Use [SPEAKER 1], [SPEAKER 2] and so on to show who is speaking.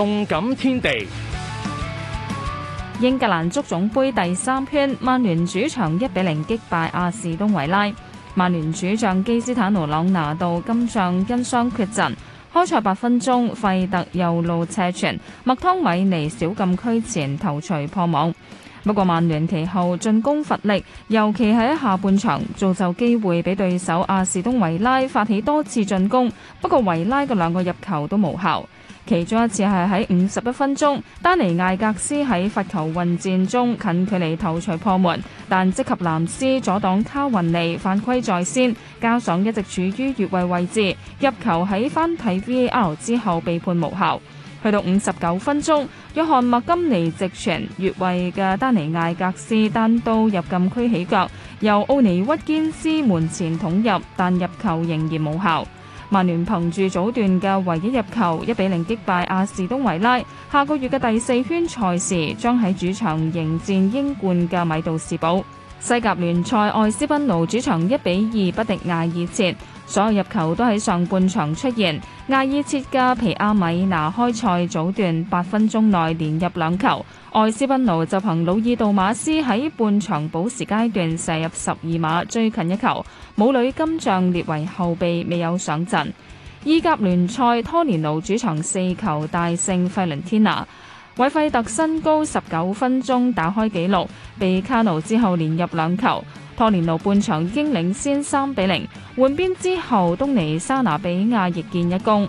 [SPEAKER 1] 動感天地，英格蘭足總盃第三圈，曼聯主場一比零擊敗阿士東維拉。曼聯主將基斯坦奴朗拿度金像，因傷缺陣，開賽八分鐘，費特右路斜傳，麥湯米尼小禁區前頭槌破網。不過曼聯其後進攻乏力，尤其喺下半場造就機會俾對手阿士東維拉發起多次進攻，不過維拉嘅兩個入球都無效。其中一次係喺五十一分鐘，丹尼艾格斯喺罰球混戰中近距離頭槌破門，但即及藍斯阻擋卡雲尼犯規在先，加上一直處於越位位置，入球喺翻睇 VAR 之後被判無效。去到五十九分鐘，約翰麥金尼直傳越位嘅丹尼艾格斯，單刀入禁區起腳，由奧尼屈堅斯門前捅入，但入球仍然無效。曼聯憑住早段嘅唯一入球，一比零擊敗阿士東維拉。下個月嘅第四圈賽事將喺主場迎戰英冠嘅米杜士堡。西甲聯賽，艾斯賓奴主場一比二不敵亞爾切，所有入球都喺上半場出現。亞爾切嘅皮亞米拿開賽早段八分鐘內連入兩球。艾斯賓奴就憑魯爾杜馬斯喺半場補時階段射入十二碼追近一球。母女金像列為後備未有上陣。意甲聯賽，拖連奴主場四球大勝費倫天拿。韋費特身高十九分鐘打開紀錄，被卡奴之後連入兩球，托連奴半場已經領先三比零，換邊之後東尼莎拿比亞亦見一功。